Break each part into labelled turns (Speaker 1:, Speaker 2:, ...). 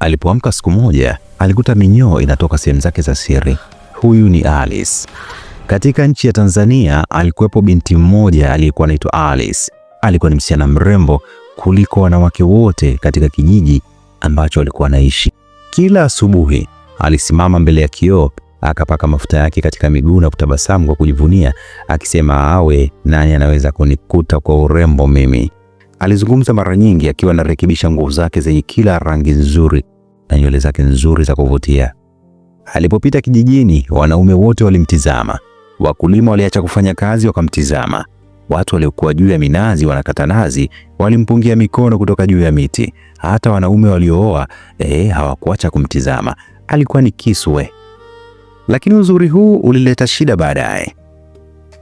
Speaker 1: Alipoamka siku moja, alikuta minyoo inatoka sehemu zake za siri. Huyu ni Alice. Katika nchi ya Tanzania alikuwepo binti mmoja aliyekuwa anaitwa Alice. Alikuwa ni msichana mrembo kuliko wanawake wote katika kijiji ambacho alikuwa anaishi. Kila asubuhi alisimama mbele ya kioo, akapaka mafuta yake katika miguu na kutabasamu kwa kujivunia, akisema, awe nani anaweza kunikuta kwa urembo mimi. Alizungumza mara nyingi akiwa anarekebisha nguo zake zenye kila rangi nzuri na nywele zake nzuri za kuvutia. Alipopita kijijini, wanaume wote walimtizama. Wakulima waliacha kufanya kazi wakamtizama. Watu waliokuwa juu ya minazi wanakata nazi walimpungia mikono kutoka juu ya miti. Hata wanaume waliooa eh, hawakuacha kumtizama. Alikuwa ni kiswe. Lakini uzuri huu ulileta shida baadaye.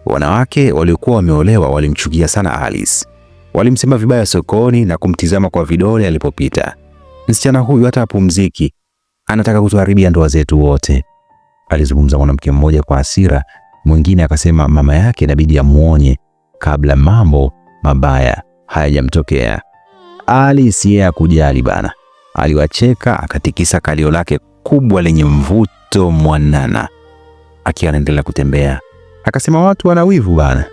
Speaker 1: Wanawake waliokuwa wameolewa walimchukia sana Alice. Walimsema vibaya sokoni na kumtizama kwa vidole alipopita. Msichana huyu hata hapumziki, anataka kutuharibia ndoa zetu wote, alizungumza mwanamke mmoja kwa hasira. Mwingine akasema mama yake inabidi amuonye kabla mambo mabaya hayajamtokea. Ali siye ya kujali bana, aliwacheka akatikisa kalio lake kubwa lenye mvuto mwanana, akiwa anaendelea kutembea akasema, watu wana wivu bana.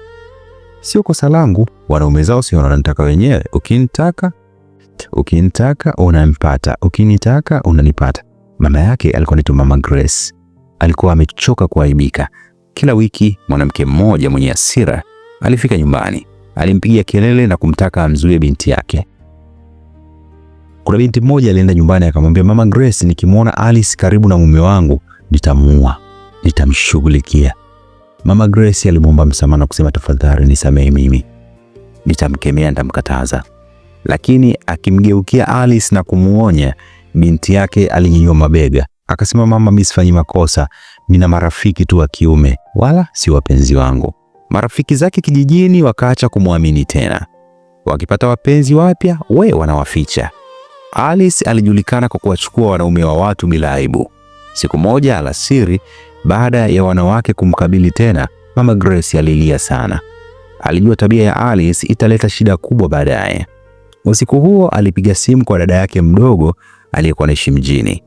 Speaker 1: Sio kosa langu, wanaume zao sio wanataka wenyewe. Ukinitaka ukinitaka unampata, ukinitaka unanipata. Mama yake alikuwa anaitwa Mama Grace, alikuwa amechoka kuaibika. Kila wiki mwanamke mmoja mwenye hasira alifika nyumbani, alimpigia kelele na kumtaka amzuie binti yake. Kuna binti mmoja alienda nyumbani akamwambia Mama Grace, nikimwona Alice karibu na mume wangu nitamuua, nitamshughulikia. Mama Grace alimwomba msamaha na kusema, tafadhali nisamehe, mimi nitamkemea, nitamkataza. Lakini akimgeukia Alice na kumuonya, binti yake alinyanyua mabega akasema, mama, mimi sifanyi makosa, nina marafiki tu wa kiume, wala si wapenzi wangu. Marafiki zake kijijini wakaacha kumwamini tena, wakipata wapenzi wapya we wanawaficha. Alice alijulikana kwa kuwachukua wanaume wa watu bila aibu. Siku moja alasiri baada ya wanawake kumkabili tena, Mama Grace alilia sana. Alijua tabia ya Alice italeta shida kubwa baadaye. Usiku huo alipiga simu kwa dada yake mdogo aliyekuwa anaishi mjini,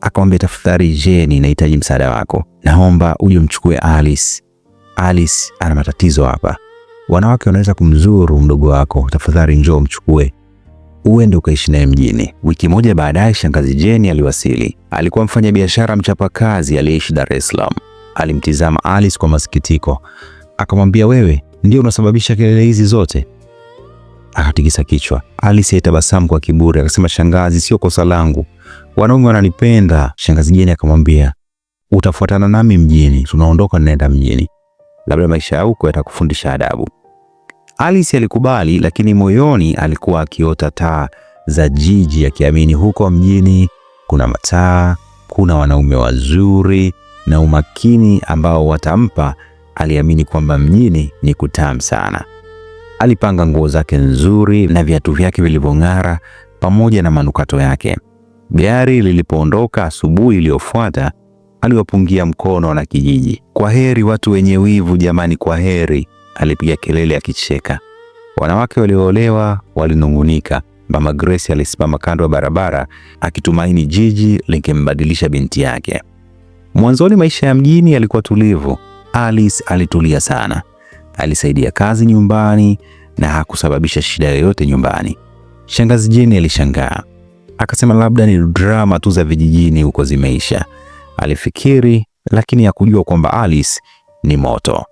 Speaker 1: akamwambia, tafadhali Jeni, nahitaji msaada wako, naomba uje mchukue Alice. Alice ana matatizo hapa, wanawake wanaweza kumzuru mdogo wako, tafadhali njoo mchukue uende ukaishi naye mjini. Wiki moja baadaye, shangazi Jeni aliwasili. Alikuwa mfanyabiashara mchapakazi aliyeishi Dar es Salaam. Alimtizama Alice kwa masikitiko, akamwambia, wewe ndio unasababisha kelele hizi zote? Akatikisa kichwa. Alice alitabasamu kwa kiburi, akasema, shangazi, sio kosa langu, wanaume wananipenda. Shangazi Jeni akamwambia, utafuatana nami mjini, tunaondoka, ninaenda mjini, labda maisha ya huko yatakufundisha adabu. Alice alikubali, lakini moyoni alikuwa akiota taa za jiji, akiamini huko mjini kuna mataa, kuna wanaume wazuri na umakini ambao watampa. Aliamini kwamba mjini ni kutamu sana. Alipanga nguo zake nzuri na viatu vyake vilivyong'ara pamoja na manukato yake. Gari lilipoondoka asubuhi iliyofuata, aliwapungia mkono na kijiji, kwa heri watu wenye wivu jamani, kwa heri alipiga kelele akicheka. Wanawake walioolewa walinungunika. Mama Grace alisimama kando ya barabara akitumaini jiji likimbadilisha binti yake. Mwanzoni maisha ya mjini yalikuwa tulivu. Alice alitulia sana, alisaidia kazi nyumbani na hakusababisha shida yoyote nyumbani. Shangazi Jeni alishangaa akasema, labda ni drama tu za vijijini huko zimeisha, alifikiri, lakini hakujua kwamba Alice ni moto.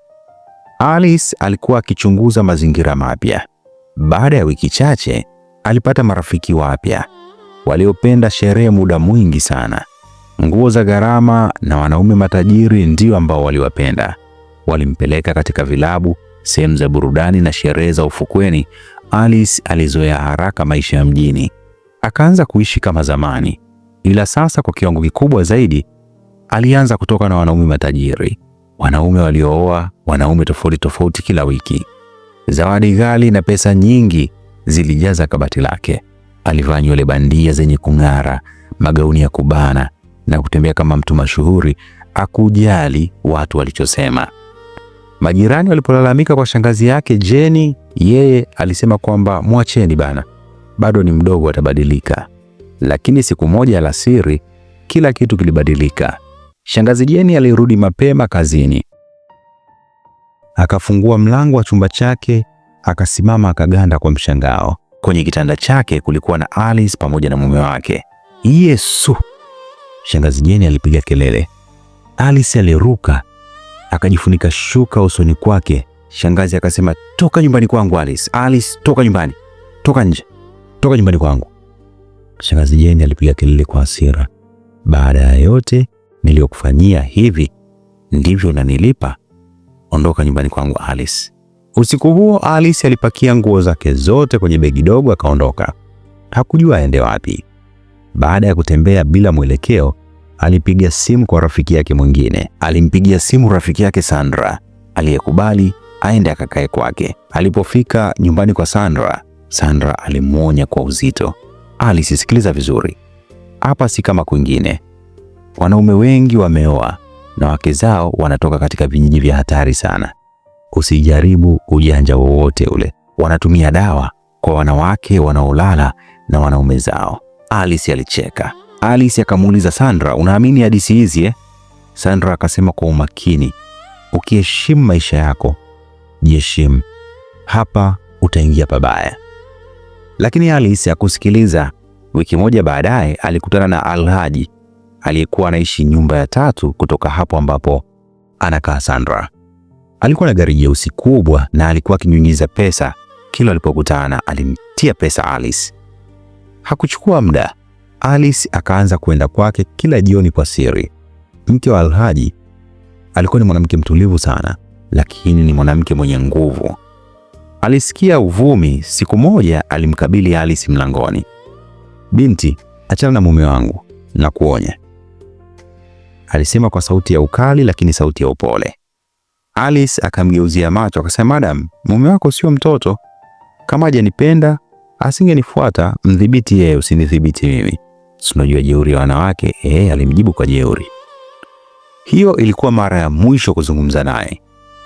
Speaker 1: Alice alikuwa akichunguza mazingira mapya. Baada ya wiki chache, alipata marafiki wapya waliopenda sherehe muda mwingi sana. Nguo za gharama na wanaume matajiri ndio ambao waliwapenda. Walimpeleka katika vilabu, sehemu za burudani na sherehe za ufukweni. Alice alizoea haraka maisha ya mjini, akaanza kuishi kama zamani, ila sasa kwa kiwango kikubwa zaidi. Alianza kutoka na wanaume matajiri wanaume waliooa wanaume tofauti tofauti kila wiki. Zawadi ghali na pesa nyingi zilijaza kabati lake. Alivaa nywele bandia zenye kung'ara, magauni ya kubana na kutembea kama mtu mashuhuri, akujali watu walichosema. Majirani walipolalamika kwa shangazi yake Jeni, yeye alisema kwamba mwacheni bana, bado ni mdogo, atabadilika. Lakini siku moja alasiri, kila kitu kilibadilika. Shangazi Jeni alirudi mapema kazini, akafungua mlango wa chumba chake, akasimama akaganda kwa mshangao. Kwenye kitanda chake kulikuwa na Alice pamoja na mume wake. Yesu! Shangazi Jeni alipiga kelele. Alice aliruka akajifunika shuka usoni kwake. Shangazi akasema, toka nyumbani kwangu Alice, Alice toka nyumbani, toka nje, toka nyumbani kwangu. Shangazi Jeni alipiga kelele kwa hasira. Baada ya yote, niliyokufanyia hivi ndivyo unanilipa? Ondoka nyumbani kwangu Alice. Usiku huo Alice alipakia nguo zake zote kwenye begi dogo akaondoka. Hakujua aende wapi. Baada ya kutembea bila mwelekeo, alipiga simu kwa rafiki yake mwingine. Alimpigia simu rafiki yake Sandra aliyekubali aende akakae kwake. Alipofika nyumbani kwa Sandra, Sandra alimwonya kwa uzito, Alice, sikiliza vizuri, hapa si kama kwingine. Wanaume wengi wameoa na wake zao wanatoka katika vijiji vya hatari sana. Usijaribu ujanja wowote ule. Wanatumia dawa kwa wanawake wanaolala na wanaume zao. Alice alicheka. Alice akamuuliza Sandra, unaamini hadithi hizi eh? Sandra akasema kwa umakini, ukiheshimu maisha yako, jiheshimu, hapa utaingia pabaya. Lakini Alice hakusikiliza. Wiki moja baadaye alikutana na Alhaji aliyekuwa anaishi nyumba ya tatu kutoka hapo ambapo anakaa Sandra. Alikuwa na gari jeusi kubwa na alikuwa akinyunyiza pesa kila alipokutana, alimtia pesa Alice. Hakuchukua muda, Alice akaanza kuenda kwake kila jioni kwa siri. Mke wa Alhaji alikuwa ni mwanamke mtulivu sana, lakini ni mwanamke mwenye nguvu. Alisikia uvumi. Siku moja alimkabili Alice mlangoni. Binti, achana na mume wangu, na kuonya alisema kwa sauti ya ukali lakini sauti ya upole. Alice akamgeuzia macho akasema, madam, mume wako sio mtoto. Kama hajanipenda asingenifuata. Mdhibiti yeye, usinidhibiti mimi. Unajua jeuri ya wanawake eh, alimjibu kwa jeuri. Hiyo ilikuwa mara ya mwisho kuzungumza naye.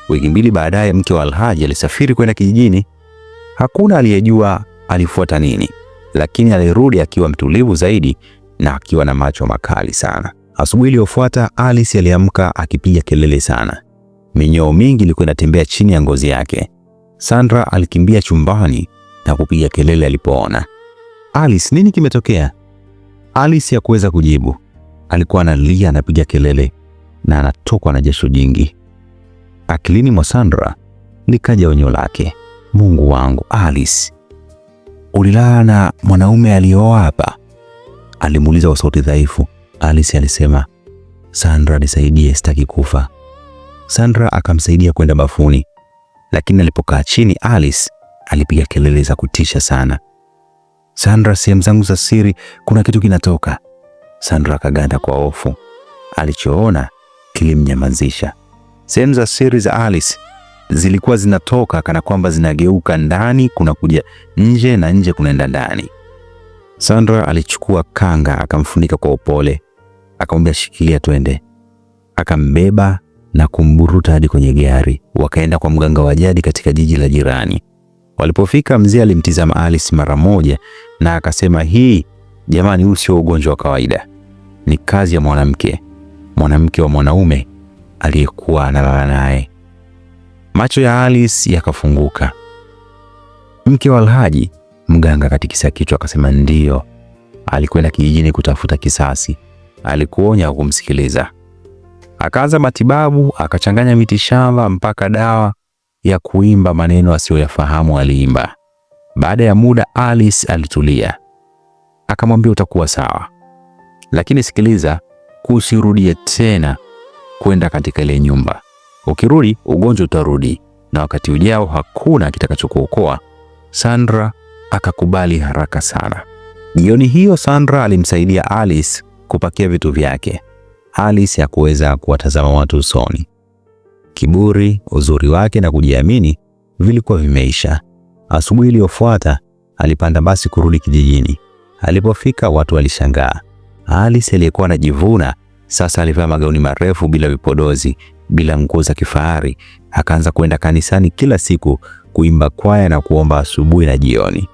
Speaker 1: Wiki mbili baadaye, mke wa Alhaji alisafiri kwenda kijijini. Hakuna aliyejua alifuata nini, lakini alirudi akiwa mtulivu zaidi na akiwa na macho makali sana. Asubuhi iliyofuata Alice aliamka akipiga kelele sana. Minyoo mingi ilikuwa inatembea chini ya ngozi yake. Sandra alikimbia chumbani na kupiga kelele alipoona. Alice, nini kimetokea? Alice hakuweza kujibu. Alikuwa analia, anapiga kelele na anatokwa na jasho jingi. Akilini mwa Sandra likaja onyo lake. Mungu wangu, Alice, ulilala na mwanaume aliyeoa hapa? Alimuuliza kwa sauti dhaifu. Alice alisema, Sandra nisaidie, sitaki kufa. Sandra akamsaidia kwenda bafuni, lakini alipokaa chini Alice alipiga kelele za kutisha sana. Sandra, sehemu zangu za siri kuna kitu kinatoka. Sandra akaganda kwa hofu, alichoona kilimnyamazisha. Sehemu za siri za Alice zilikuwa zinatoka kana kwamba zinageuka ndani, kuna kuja nje na nje kunaenda ndani. Sandra alichukua kanga akamfunika kwa upole akamwambia shikilia, twende. Akambeba na kumburuta hadi kwenye gari, wakaenda kwa mganga wa jadi katika jiji la jirani. Walipofika, mzee alimtizama Alice mara moja na akasema, hii jamani, huu sio ugonjwa wa kawaida, ni kazi ya mwanamke, mwanamke wa mwanaume aliyekuwa analala naye. Macho ya Alice yakafunguka. Mke wa Alhaji, mganga katikisa kichwa akasema, ndiyo, alikwenda kijijini kutafuta kisasi alikuonya kumsikiliza. Akaanza matibabu, akachanganya miti shamba mpaka dawa ya kuimba maneno asiyoyafahamu aliimba. Baada ya muda Alice alitulia, akamwambia utakuwa sawa, lakini sikiliza, kusirudie tena kwenda katika ile nyumba. Ukirudi ugonjwa utarudi, na wakati ujao hakuna kitakachokuokoa. Sandra akakubali haraka sana. Jioni hiyo Sandra alimsaidia Alice kupakia vitu vyake. Alice hakuweza kuwatazama watu usoni. Kiburi, uzuri wake na kujiamini vilikuwa vimeisha. Asubuhi iliyofuata alipanda basi kurudi kijijini. Alipofika watu walishangaa. Alice aliyekuwa anajivuna sasa alivaa magauni marefu bila vipodozi, bila nguo za kifahari. Akaanza kwenda kanisani kila siku kuimba kwaya na kuomba asubuhi na jioni.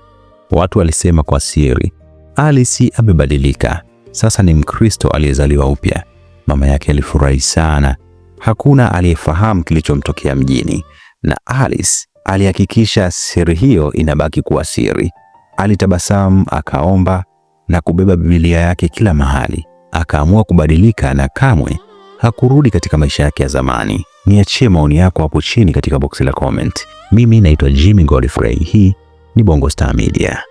Speaker 1: Watu walisema kwa siri, Alice amebadilika sasa ni Mkristo aliyezaliwa upya. Mama yake alifurahi sana. Hakuna aliyefahamu kilichomtokea mjini, na Alice alihakikisha siri hiyo inabaki kuwa siri. Alitabasamu, akaomba na kubeba Biblia yake kila mahali. Akaamua kubadilika na kamwe hakurudi katika maisha yake ya zamani. Niachie maoni yako hapo chini katika boksi la comment. Mimi naitwa Jimmy Godfrey, hii ni Bongo Star Media.